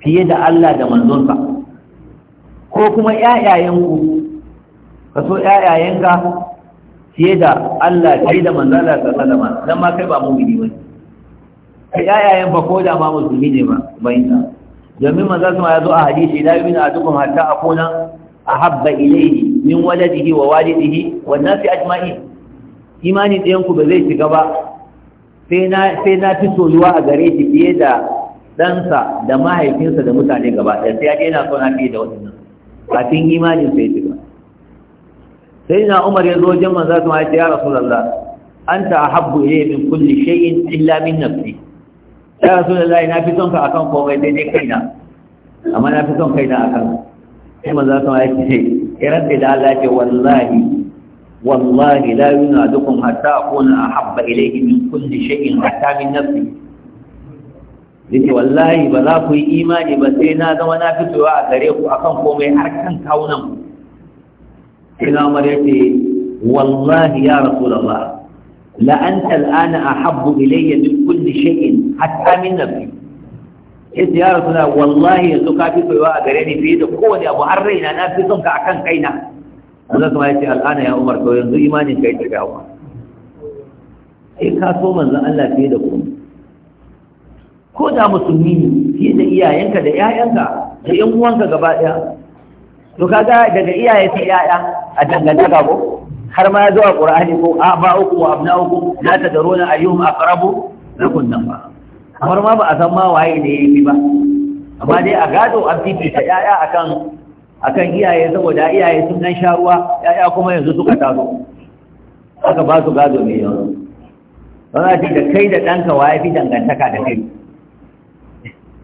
fiye da Allah da manzonsa ko kuma ƴaƴayenku ka so ƴaƴayenka fiye da Allah fiye da manzala sallallahu alaihi wasallam dan ma kai ba mu'mini wani. kai ƴaƴayen ba ko da ma musulmi ne ba bayin ta domin manzon sama ya zo a hadisi la yu'minu ahadukum hatta akuna ahabba ilayhi min waladihi wa walidihi wa nasi ajma'in imani ɗayan ku ba zai shiga ba sai na fi soyuwa a gare shi fiye da ɗansa da mahaifinsa da mutane gaba ɗaya sai ya daina so na fiye da waɗannan kafin imanin sai ba sai na umar ya zo wajen manzo su haifi ya rasulullah anta ya yi min kulli shay'in illa min nafsi ya rasulullah na fi son ka akan komai sai dai kaina amma na fi son kaina akan sai maza su haifi ya rantsa da Allah ya ce wallahi wallahi la yunadukum hatta akuna ahabba ilayhi min kulli shay'in hatta min nafsi yace wallahi ba za ku yi imani ba sai na zama na fitowa a gare ku akan komai har kan kawunan sai na umar yace wallahi ya rasulullah la anta al'ana ahabbu ilayya min kulli shay'in hatta min nafsi yace ya rasulullah wallahi yanzu ka fitowa a gare ni fiye da kowane abu har raina na fi son ka akan kaina Allah kuma ya ce al'ana ya umar to yanzu imanin kai ta gawa sai ka so manzan Allah fiye da ku. ko da musulmi ne fiye da iyayenka da 'ya'yanka da 'yan uwanka gaba ɗaya to kaga daga iyaye sai 'ya'ya a dangantaka ko har ma ya zo a ƙur'ani ko a ba uku wa abna uku na ta daro na a aqrabu na nan ba kamar ma ba a san ma waye ne ya yi ba amma dai a gado an fifita 'ya'ya akan akan iyaye saboda iyaye sun dan sha ruwa yaya kuma yanzu suka taso aka ba su gado ne yau don a ce da kai da ɗanka wa fi dangantaka da kai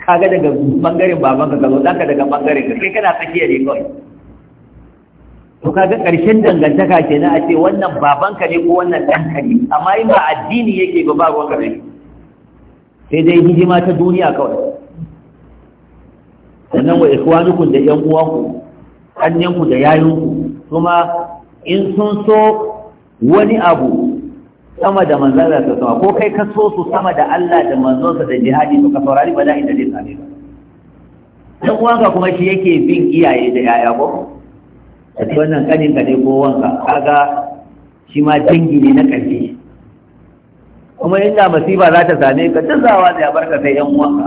kaga daga bangaren babanka ka zo ɗanka daga bangaren ka kai kana tsakiya ne kawai to kaga ƙarshen dangantaka kenan a ce wannan babanka ne ko wannan ɗanka ne amma in ba addini yake ba ba ruwanka ne sai dai hijima ta duniya kawai sannan wa ikwanukun da yan uwanku ƙannenku da yayinku kuma in sun so wani abu sama da manzan da sama ko kai ka so su sama da Allah da manzonsa da jihadi to ka saurari bala'i da zai same ba. dan uwanka kuma shi yake bin iyaye da yaya ko a ce wannan kanin ka ne ko wanka kaga shi ma dangi ne na ƙarfi kuma inda masifa za ta same ka duk zawa zai barka sai yan uwanka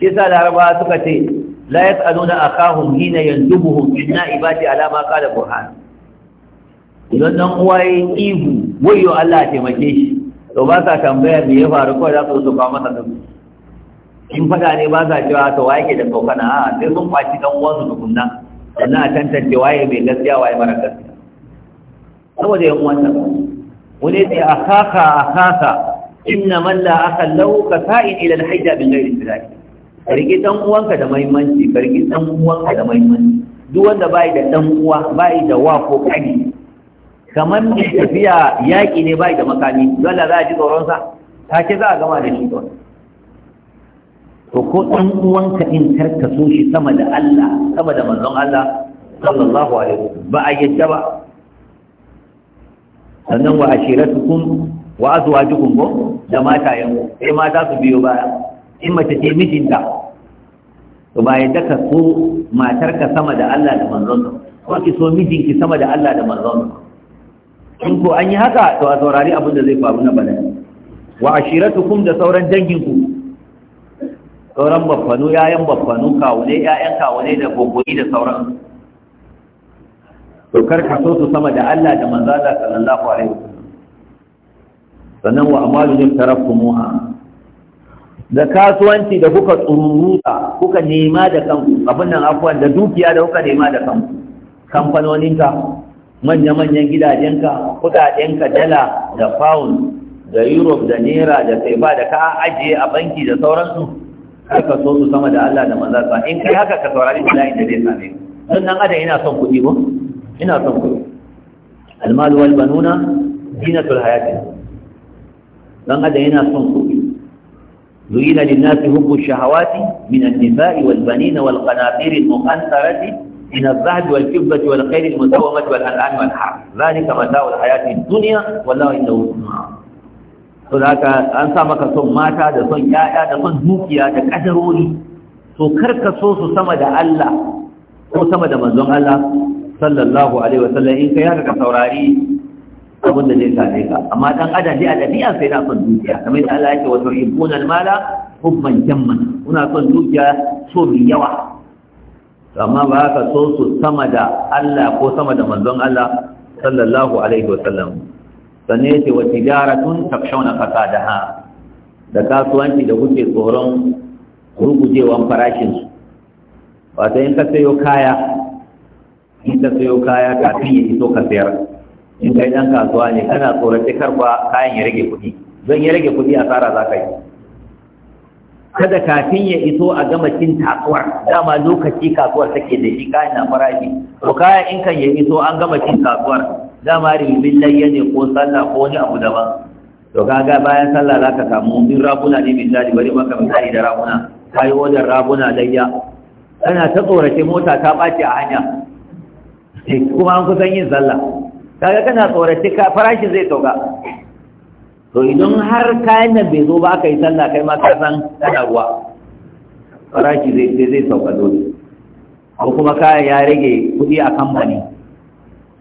shi yasa larabawa suka ce la yas'aluna akahum hina yandubuhum min na'ibati ala ma qala burhan idan dan uwa yayin ihu wayo Allah ya taimake shi to ba sa tambaya me ya faru ko za su su kawo masa dubu Kin fada ne ba sa cewa to waye ke da kokana a sai sun kwaci dan uwan su tukunna sannan a tantance waye mai gaskiya waye mara gaskiya saboda yan uwan wani ya ce akaka akaka inna man la aka lau ka sa'in ila alhajja bin ghairi siraki karki dan uwanka da muhimmanci ka dan uwanka da muhimmanci duk wanda bai da dan uwa bai da wa ko kani kamar mai tafiya yaƙi ne bai da makami dole za a ji tsoron sa Ta ce za a gama da shi don to ko dan uwanka in karka so shi sama da Allah sama da manzon Allah sallallahu alaihi wasallam ba a yadda ba sannan wa ashiratukum wa azwajukum da mata yanku sai mata su biyo baya in mace ce mijinta to ba yadda ka so matarka sama da Allah da manzon ko ki so mijinki sama da Allah da manzon in ko an yi haka to a saurari abin da zai faru na bala wa ashiratukum da sauran danginku sauran baffanu yayan baffanu kawune yayan kawune da gogoni da sauran to kar ka so su sama da Allah da manzon Allah sallallahu alaihi wasallam sannan wa amalu jin muha da kasuwanci da kuka tsururuta kuka nema da kanku abin nan afuwan da dukiya da kuka nema da kanku kamfanoninka manya-manyan gidajenka kudadenka dala da pound da europe da naira da taiba da ka ajiye a banki da sauransu har ka so su sama da allah da manzansa in kai haka ka saurari bala'in da zai same sun nan adam ina son kuɗi ko ina son kuɗi almal wal banuna zinatul hayatin dan adam ina son kuɗi زين للناس حب الشهوات من النساء والبنين والقناطير المقنطرة من الذهب والفضة والخيل المسومة والأنعام والحرث ذلك متاع الحياة الدنيا والله إنه to da haka an sa maka son mata da son yaya da son dukiya da ƙadarori, to ka so su sama da Allah ko sama da manzon Allah sallallahu alaihi in ka saurari abin da zai same ka amma dan adam dai a dabi'a sai na son dukiya kamar yadda Allah yake wato ibuna almala hubban jamman kuna son dukiya so mai yawa amma ba ka so su sama da Allah ko sama da manzon Allah sallallahu alaihi wa sallam sanne ce wa tijaratun takshawna fasadaha da kasuwanci da kuke tsoron rugujewan farashin su wato in ka sayo kaya in ka sayo kaya kafin ya iso ka sayar in kai dan kasuwa ne kana tsorace karba kayan ya rage kuɗi Zan ya rage kuɗi tsara za ka yi kada kafin ya iso a gama cin kasuwar dama lokaci kasuwar take da shi kayan na farashi to kayan in kan ya iso an gama cin kasuwar dama rimin layya ne ko sallah ko wani abu daban to kaga bayan sallah za ka samu in raguna ne misali bari maka misali da raguna ka yi wajen raguna layya kana ta tsorace mota ta ɓaci a hanya kuma an kusan yin sallah kaga kana tsorace ka farashi zai sauka to idan har kayan nan bai zo ba aka yi sallah kai ma ka san kana ruwa farashi zai zai sauka dole ko kuma kayan ya rage kuɗi a kamfani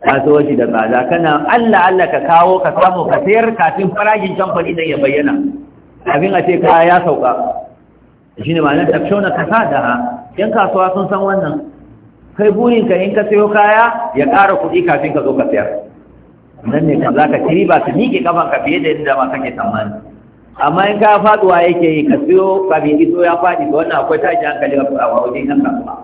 ka so shi da tsada kana Allah Allah ka kawo ka samu ka sayar kafin farashin kamfani da ya bayyana kafin a ce kaya ya sauka shi ne ma'anar tafshona kasa da ha yan kasuwa sun san wannan kai burinka in ka sayo kaya ya ƙara kuɗi kafin ka zo ka sayar nan ne kan zaka tiri ba su miƙe kafan ka fiye da yadda ma kake tsammani amma in ka faduwa yake yi ka siyo ka bi iso ya faɗi ba wannan akwai tashi hankali a wajen yan kasuwa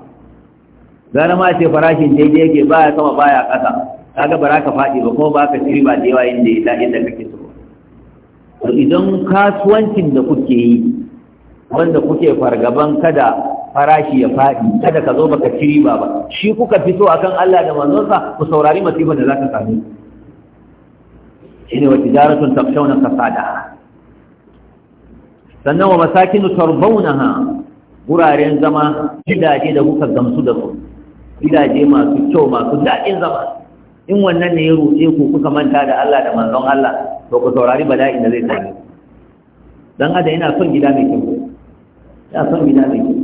zan ma ce farashin daidai yake ba ya sama ya ƙasa kaga ba za ka faɗi ba kuma ba ka tiri ba da yawa inda ya da kake so to idan kasuwancin da kuke yi wanda kuke fargaban kada farashi ya faɗi kada ka zo baka tiri ba ba shi kuka fito akan Allah da manzonsa ku saurari masifan da za ka same shine wa tijaratun takshawna kasada sannan wa masakinu tarbawnaha guraren zama gidaje da kuka gamsu da su gidaje masu kyau masu daɗin zama in wannan ne ya ruɗe ku kuka manta da Allah da manzon Allah to ku saurari bala'in da zai same dan hada yana son gida mai kyau ya son gida mai kyau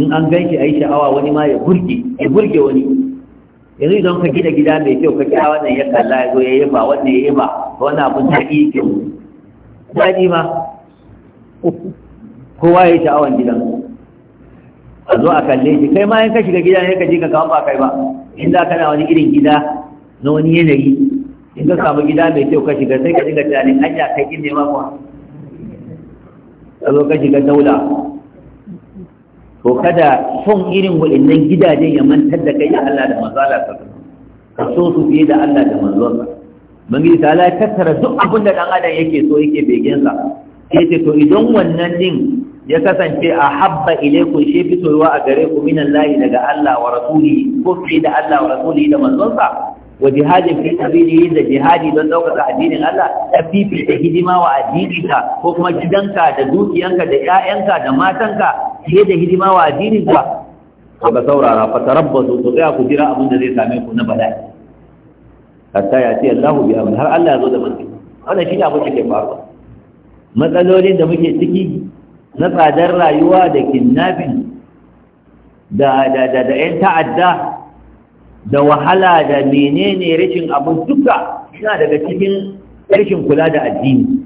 in an ganki ayi sha'awa wani ma ya burge ya burge wani yanzu idan ka gina gida mai kyau ka kira wannan ya kalla ya zo ya yaba wannan ya yaba wannan abun ta yi kyau daɗi ma kowa ya yi sha'awan gidan a zo a kalle shi kai ma in ka shiga gida ne ka je ka kawo ba kai ba in za ka na wani irin gida na wani yanayi in ka samu gida mai kyau ka shiga sai ka dinga tunanin hanya kai in nema kuwa ka zo ka shiga daula to kada son irin waɗannan gidajen ya mantar da kai da Allah da manzala ta ka so su fiye da Allah da manzonsa bangiji ta Allah tattara duk abin da dan adam yake so yake begensa yace to idan wannan din ya kasance a habba ilaikum shi fitowa a gare ku minan layi daga Allah wa rasuli ko fiye da Allah wa rasuli da manzonsa wa jihadin fi sabilihi da jihadi don daukaka addinin Allah ta fifita hidima wa addininka ko kuma gidanka da dukiyanka da ƴaƴanka da matanka fiye da hidima wa addinin ka ka saurara fa tarabbasu ku tsaya ku jira abin da zai same ku na bala'i hatta ya ce Allah bi amri har Allah ya zo da mutum wannan shi ne abin da ke faruwa matsalolin da muke ciki na tsadar rayuwa da kidnapping da da da da yan ta'adda da wahala da menene rashin abun duka yana daga cikin rashin kula da addini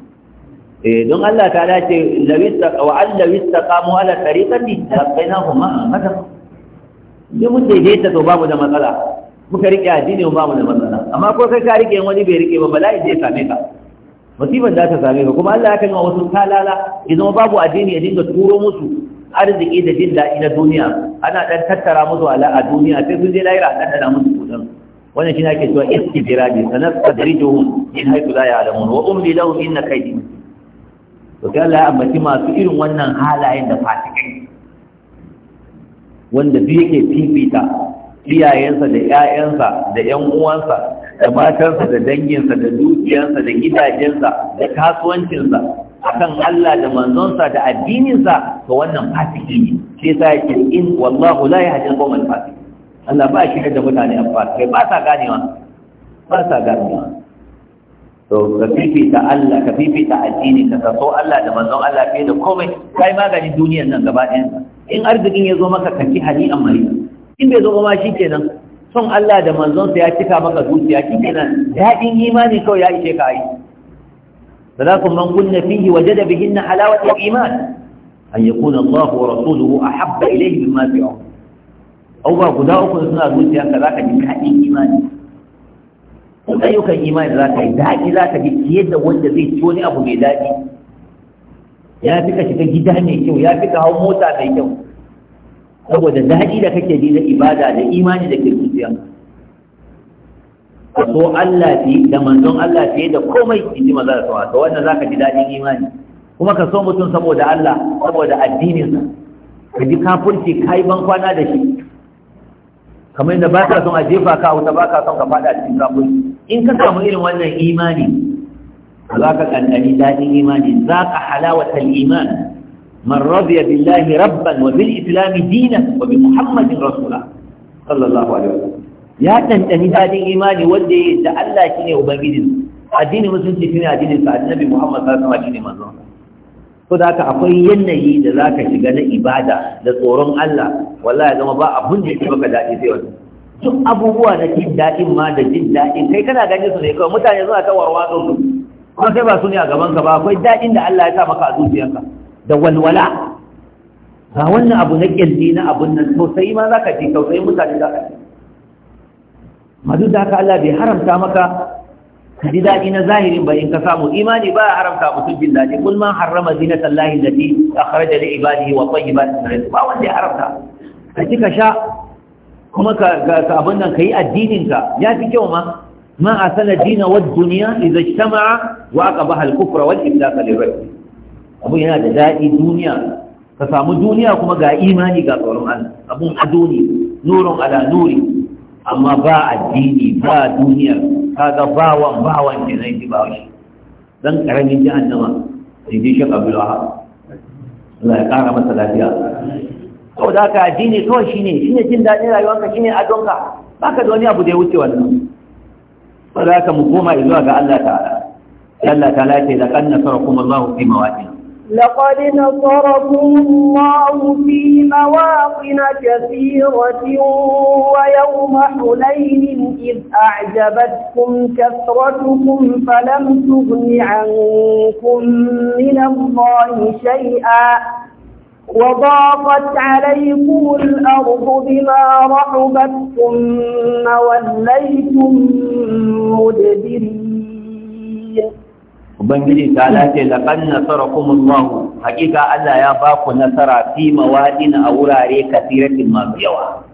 eh don Allah ta dace lawista wa allawista qamu ala na bi a mata ne mun daidaita to babu da matsala muka rike addini babu da matsala amma ko kai ka rike wani bai rike ba bala'i zai same ka musibar za ta same ka kuma Allah ya kama wasu kalala idan babu addini ya dinga turo musu arziki da jin daɗi na duniya ana ɗan tattara musu ala a duniya sai sun je laira a ɗanɗana musu kudin wannan shi ne ake cewa istijirabi sanar tadrijuhum in haythu la ya'lamun wa umli lahum inna kai? to sai Allah ya ambaci masu irin wannan halayen da fasikai wanda biyu yake fifita iyayensa da ƴaƴansa da ƴan uwansa da matansa da danginsa da dukiyansa da gidajensa da kasuwancinsa akan Allah da manzonsa da addininsa to wannan fasiki ne sai sa yake in wallahu la yahdil al fasiqin Allah ba shi da mutane a fasikai ba sa ganewa ba sa ganewa to ka fifita Allah ka addini ka so Allah da manzon Allah fiye da komai kai maganin duniyar nan gaba ɗayan in arzikin ya zo maka kanki hali a in bai zo ba ma shikenan son Allah da manzon sa ya cika maka zuciya shikenan daɗin imani kawai ya ishe ka yi ثلاث من قلنا فيه وجد بهن حلاوة الإيمان أن يكون الله ورسوله أحب إليه مما في أو ba guda uku suna zuciya ka zaka ji daɗin imani ayyukan imani za ka yi daɗi za ka ji fiye da wanda zai ci wani abu mai daɗi ya fi ka shiga gida mai kyau ya fi ka hau mota mai kyau saboda daɗi da kake ji na ibada da imani da kirkisiya ka so Allah fi da manzon Allah fiye da komai in ji maza da sawa to wannan za ka ji daɗin imani kuma ka so mutum saboda Allah saboda addininsa ka ji kafurci ka yi ban kwana da shi kamar yadda ba ka son a jefa ka wuta ba ka son ka faɗa cikin kafurci in ka samu irin wannan imani za ka ƙanƙani daɗin imani za ka halawata iman man radiya billahi rabban wa bil islami dinan wa bi muhammadin rasula sallallahu alaihi wasallam ya ƙanƙani daɗin imani wanda ya da Allah shine ubangijin addinin musulunci shine addinin sa annabi muhammad sallallahu alaihi wasallam shine manzon ko da haka akwai yanayi da za ka shiga na ibada da tsoron Allah wallahi zama ba abun da yake baka daɗi sai wannan duk abubuwa na jin daɗin ma da jin daɗin kai kana ganin su ne kawai mutane suna ta warwatsa su kuma sai ba su ne a gaban ka ba akwai daɗin da Allah ya sa maka a zuciyarka da walwala ga wannan abu na kyalli na abun nan tausayi ma za ka ji tausayin mutane za ka ji ma duk da haka Allah bai haramta maka ka ji daɗi na zahirin ba in ka samu imani ba haramta mutum jin daɗi kun ma harrama zinat Allah allati akhraja li ibadihi wa tayyibatin min rizqi ba wanda ya haramta ka ci ka sha kuma ka abin nan ka yi addininka ya fi kyau ma ma a sana wa duniya idan shama'a wa aka ba halkufra wa illa ka abin yana da daɗi duniya ka samu duniya kuma ga imani ga tsoron Allah abun ado ne nurun ala nuri amma ba addini ba duniya kaga bawan bawan ne nan ji bawa shi dan karamin jahannama sai dai shi Abdul Wahab Allah ya kara masa lafiya ko da addini kawai shine shine jin daɗin rayuwarka shine adonka baka da wani abu da ya wuce wannan ba za ka mu koma zuwa ga Allah ta'ala Allah ta'ala ce laqad nasarakum Allah fi mawatin لقد نصركم الله في مواطن كثيرة ويوم حنين إذ أعجبتكم كثرتكم فلم تغن عنكم من الله شيئا وضاقت عليكم الأرض بما رحبت ثم وليتم مدبرين Ubangiji ta lace laƙan nasarakum Allah hakika Allah ya ba ku nasara fi mawadin a wurare kasiratin masu yawa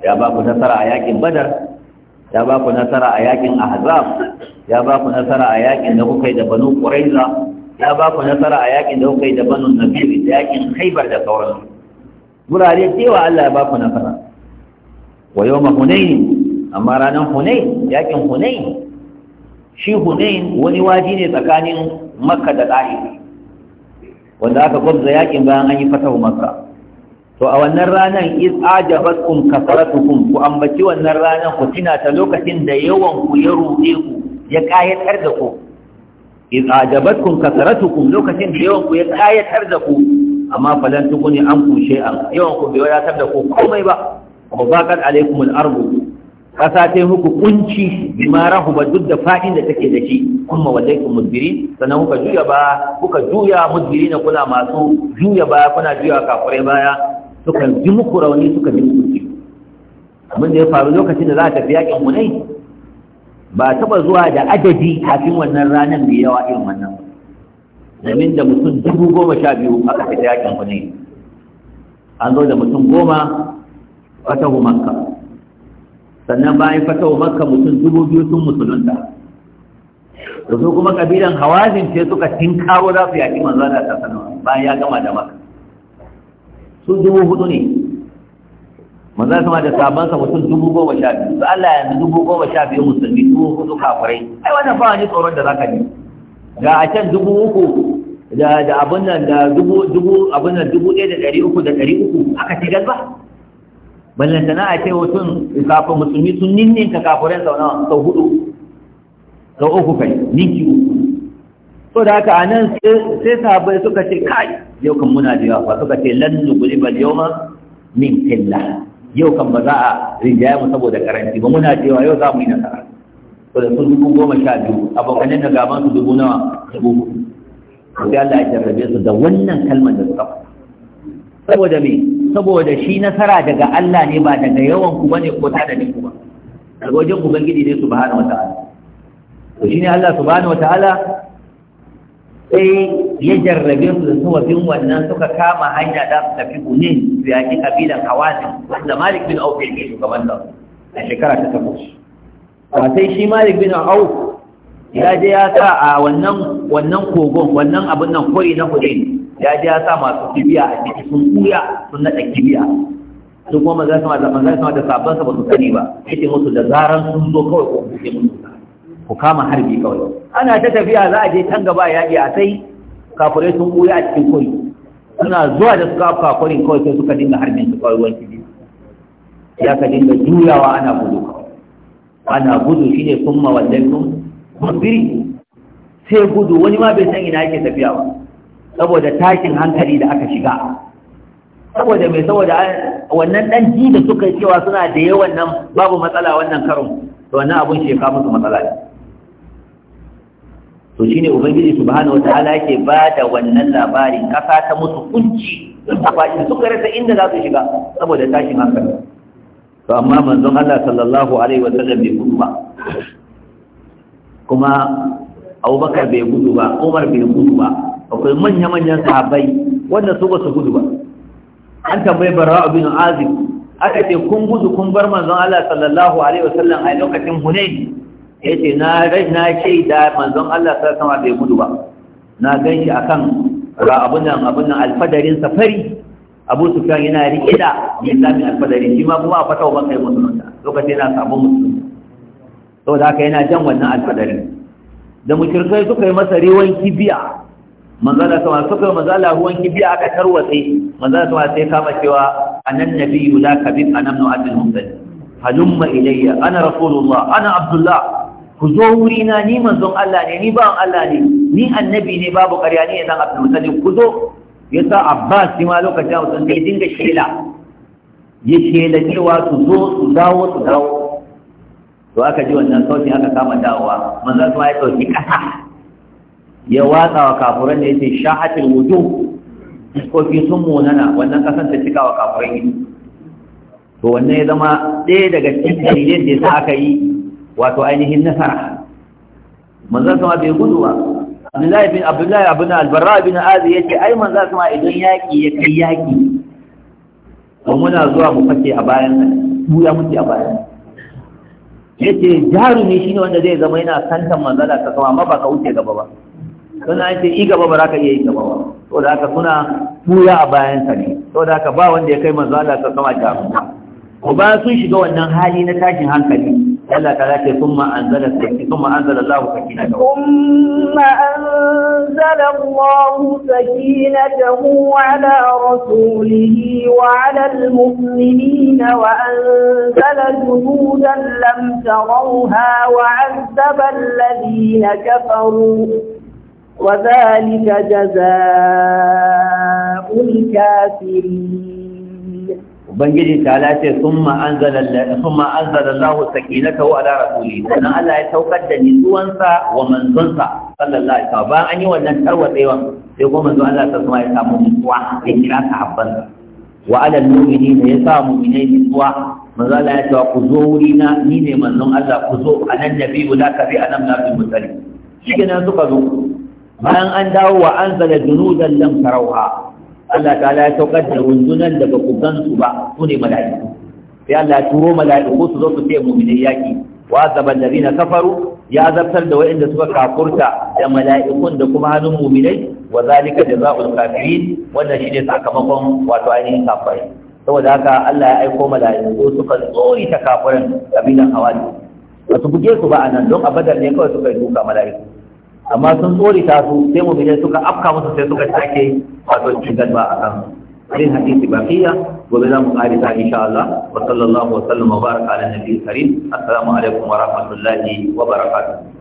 ya ba ku nasara a yakin Badar ya ba ku nasara a yakin Ahzab ya ba ku nasara a yakin da kuka yi da Banu Quraiza ya ba ku nasara a yakin da kuka yi da banu biyu da yakin haibar da sauran wurare cewa Allah ya ba ku nasara wa yau ma hunayin amma ranar hunayin yakin hunayin shi hunayin wani waji ne tsakanin makka da ɗa'i wanda aka gwabza yakin bayan an yi fatahu makka to a wannan ranar is ajabatkum kasaratukum ku ambaci wannan ranar ku tina ta lokacin da yawan ku ya ruɗe ku ya kayatar da ku in ajabatkum kasaratukum lokacin da yawan ku ya kayatar da ku amma falan tukuni an ku shay'an yawan ku bai wadatar da ku komai ba wa baqat alaikum al-ardu kasa ta muku kunci bima rahuba duk da fa'in da take da shi kuma walaikum mudbirin sannan kuka juya ba kuka juya na kula masu juya ba kuna juya kafirai baya suka ji muku rauni suka ji muku ci abin da ya faru lokacin da za ta fi yakin hunai ba taba zuwa da adadi kafin wannan ranar mai yawa irin wannan domin da mutum dubu goma sha biyu aka fita yakin ku ne an zo da mutum goma fatahu makka sannan bayan fatahu makka mutum dubu biyu sun musulunta da su kuma kabilan hawazin ce suka tinkaro za su yaki manzana ta ta bayan ya gama da makka su dubu hudu ne manzo sama da sa mutum dubu goma sha biyu su Allah yanzu dubu goma sha biyu musulmi dubu hudu kafirai ai wannan ba wani tsoron da zaka ji ga a can dubu uku da da abun nan da dubu dubu abun nan dubu ɗaya da ɗari uku da ɗari uku aka ce galba ballanta na a ce mutum kafin musulmi sun ninninka kafirai sau nawa sau hudu sau uku kai ninki uku so da haka anan sai sahabbai suka ce kai yau kan muna da yawa suka ce lan nuguliba yawma min qillah yau kan ba za a rinjaya mu saboda karanci ba muna cewa yau za mu yi nasara to da sun dubu goma sha biyu abokanin da gaban su dubu nawa dubu hudu sai Allah ya jarrabe su da wannan kalmar da suka faɗa saboda me saboda shi nasara daga Allah ne ba daga yawan ku bane ko ta da ni ku ba daga wajen ubangiji ne subhanahu wataala to shine Allah subhanahu wataala sai ya jarrabe su da tawafin wannan suka kama hanya da su tafi gune su yaƙi kabilan hawazin wanda malik bin auf yake shugaban da a shekara ta takwas ba sai shi malik bin auf ya je ya sa a wannan wannan kogon wannan abin nan kori na hudin ya je ya sa masu kibiya a ciki sun kuya sun naɗa kibiya su kuma maza sama da sabon sabon ba su sani ba ce musu da zaran sun zo kawai ko kuke musu ku kama harbi kawai ana ta tafiya za a je can gaba yaƙi a sai kafirai sun ɓuya a cikin kuri suna zuwa da suka afka kurin kawai sai suka dinga harbin su kawai wani ciki ya ka dinga juyawa ana gudu ana gudu shine kun mawallai kun musbiri sai gudu wani ma bai san ina yake tafiya ba saboda tashin hankali da aka shiga saboda mai saboda wannan dan ji da suka cewa suna da yawan nan babu matsala wannan karon to wannan abun sheka musu matsala ne to ne ubangiji subhanahu wataala yake ba da wannan labarin kasa ta musu kunci a faɗin suka rasa inda za su shiga saboda tashin hankali to amma manzon Allah sallallahu alaihi wasallam bai gudu ba kuma Abubakar bai gudu ba Umar bai gudu ba akwai manya-manyan sahabbai wanda su ba su gudu ba an tambayi barra'u bin azib aka ce kun gudu kun bar manzon Allah sallallahu alaihi wasallam a lokacin hunai? ya ce na na shaida manzon Allah ta sama bai mudu ba na gan shi a kan abun abunan alfadarin safari abu su yana riƙe da islamin alfadari shi ma kuma a fata wa kai musulunta lokacin yana sabon musulunta sau da haka yana jan wannan alfadarin. da mushirkai suka yi masa rewan kibiya manzala sama suka yi manzala ruwan kibiya aka tarwatse manzala sama sai kama cewa anan nabiyyu la kabir anan nu'addul mubtadi halumma ilayya ana rasulullah ana abdullah ku zo wuri na ni manzon Allah ne ni bawan Allah ne ni annabi ne babu ƙarya ne dan Abdul Muttalib ku zo ya sa Abbas shi ma lokacin da sun sai dinga shela ya shela cewa su zo su dawo su dawo to aka ji wannan sauti aka kama dawowa manzon kuma ya sauki kasa ya watsa wa kafuran ne yace shahatul wujuh iskoki sun munana wannan kasan ta cika wa kafuran to wannan ya zama ɗaya daga cikin dalilin da ya sa aka yi wato ainihin nasara Manzan sama bai gudu ba abdullahi bin abdullahi abin albarra bin azi ya ce ai manzon sama idan yaƙi ya kai yaƙi to muna zuwa mu fake a bayan mu ya muke a bayan ya ce ne shi ne wanda zai zama yana santan manzala ta sama amma ba ka wuce gaba ba suna ce i gaba ba za ka iya yi gaba ba to da haka suna buya a bayan sa ne to da haka ba wanda ya kai manzala ta sama jarumi ko ba sun shiga wannan hali na tashin hankali قال لك لكن ثم أنزل الله سكينته ثم أنزل الله سكينته على رسوله وعلى المؤمنين وأنزل جنودا لم تروها وعذب الذين كفروا وذلك جزاء الكافرين ubangiji ta lace summa anzala summa anzala Allahu sakinatahu ala rasuli sannan Allah ya saukar da nutsuwansa wa manzonsa sallallahu alaihi wasallam bayan an yi wannan tarwatsewa sai kuma manzon Allah ta kuma ya samu nutsuwa ya kira sahabban wa alal ala almu'minina ya sa mu'minai nutsuwa manzon Allah ya ce ku zo wurina na ni ne manzon Allah ku zo anan nabiyyu la kafi anan bi mutali shi kenan suka zo bayan an dawo wa anzala junudan lam tarawha Allah ta'ala ya saukar da rundunan da ba ku gansu ba su ne mala'iku sai Allah ya turo mala'iku su zo su ce mu'minai yaki wa azaba allazina kafaru ya azabtar da wa'inda suka kafurta da mala'ikun da kuma hannun mu'minai wa zalika jazaa'ul kafirin wannan shine sakamakon wato ainihin kafirai saboda haka Allah ya aiko mala'iku suka tsori ta kafirin kabilan hawali ba su buge su ba anan don a badar ne kawai suka yi duka mala'iku amma sun tsorita su sai mu'minai suka afka musu sai suka take wato cikin galba a kan rin hadisi baqiya gobe za mu kare ta insha Allah wa sallallahu wa sallama baraka ala karim assalamu alaikum wa rahmatullahi wa barakatuh